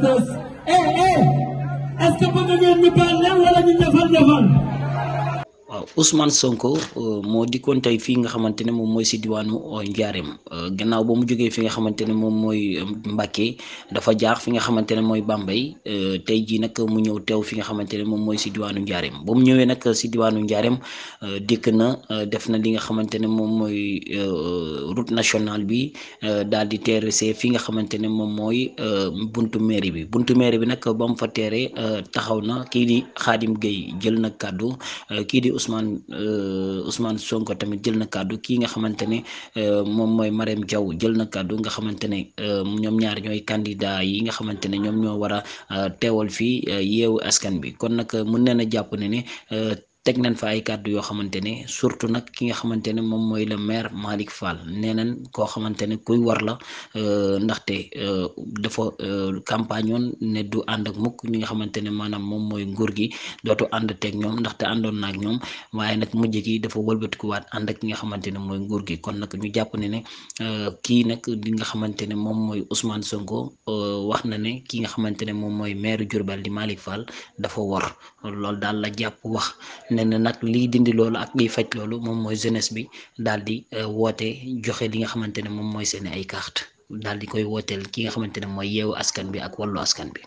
tas tas eh eh est-ce que bëgg ngeen ñu baal leen wala ñu defal Euh, Ousmane Sonko euh, moo dikkoon tey fii nga xamante ne moom mooy si diwaanu euh, Njaareem gannaaw ba mu jógee fi nga xamante ne moom mooy Mbàkke dafa jaax fi nga xamante ne mooy Bambey tey jii nag mu ñëw teew fi nga xamante ne moom mooy si diwaanu Njaareem ba ñëwee nag si diwaanu Njaareem dikk na def na li nga xamante ne moom mooy route nationale bi daal di teerese fi nga xamante ne moom mooy buntu mairie bi buntu mairie bi nag ba mu fa teere taxaw na kii di Xaadim Gueye jël na kàddu kii di Ousmane Ousmane euh, Ousmane Sonko tamit jël na kàddu kii nga xamante ne euh, moom mooy Marème Diaw jël na kàddu nga xamante ne euh, ñoom ñaar ñooy candidat yi nga xamante ne ñoom ñoo war a teewal fii yeewu askan bi kon nag mën na na jàpp ne ne teg nañ fa ay kàddu yoo xamante ne surtout nag ki nga xamante ne moom mooy le maire Malick Fall nee nañ koo xamante ne kuy war la euh, ndaxte euh, dafa euh, campagne woon ne du ànd ak mukk ñi nga xamante ne maanaam moom mooy nguur gi dootu ànd teg ñoom ndaxte àndoon na ak ñoom waaye nag mujj gi dafa wëlbatikuwaat ànd ak ki nga xamante ne mooy nguur gi kon nag ñu jàpp ne ne kii nag li nga xamante ne moom mooy Ousmane Sonko wax na ne ki nga xamante ne moom mooy maire Diourbel di Malick Fall dafa war loolu daal la jàpp wax. ne na nag liy dindi loolu ak liy faj loolu moom mooy jeunesse bi daal di euh, woote joxe li nga xamante ne moom mooy seeni ay carte daal di koy wooteel ki nga xamante ne mooy yeewu askan bi ak wàllu askan bi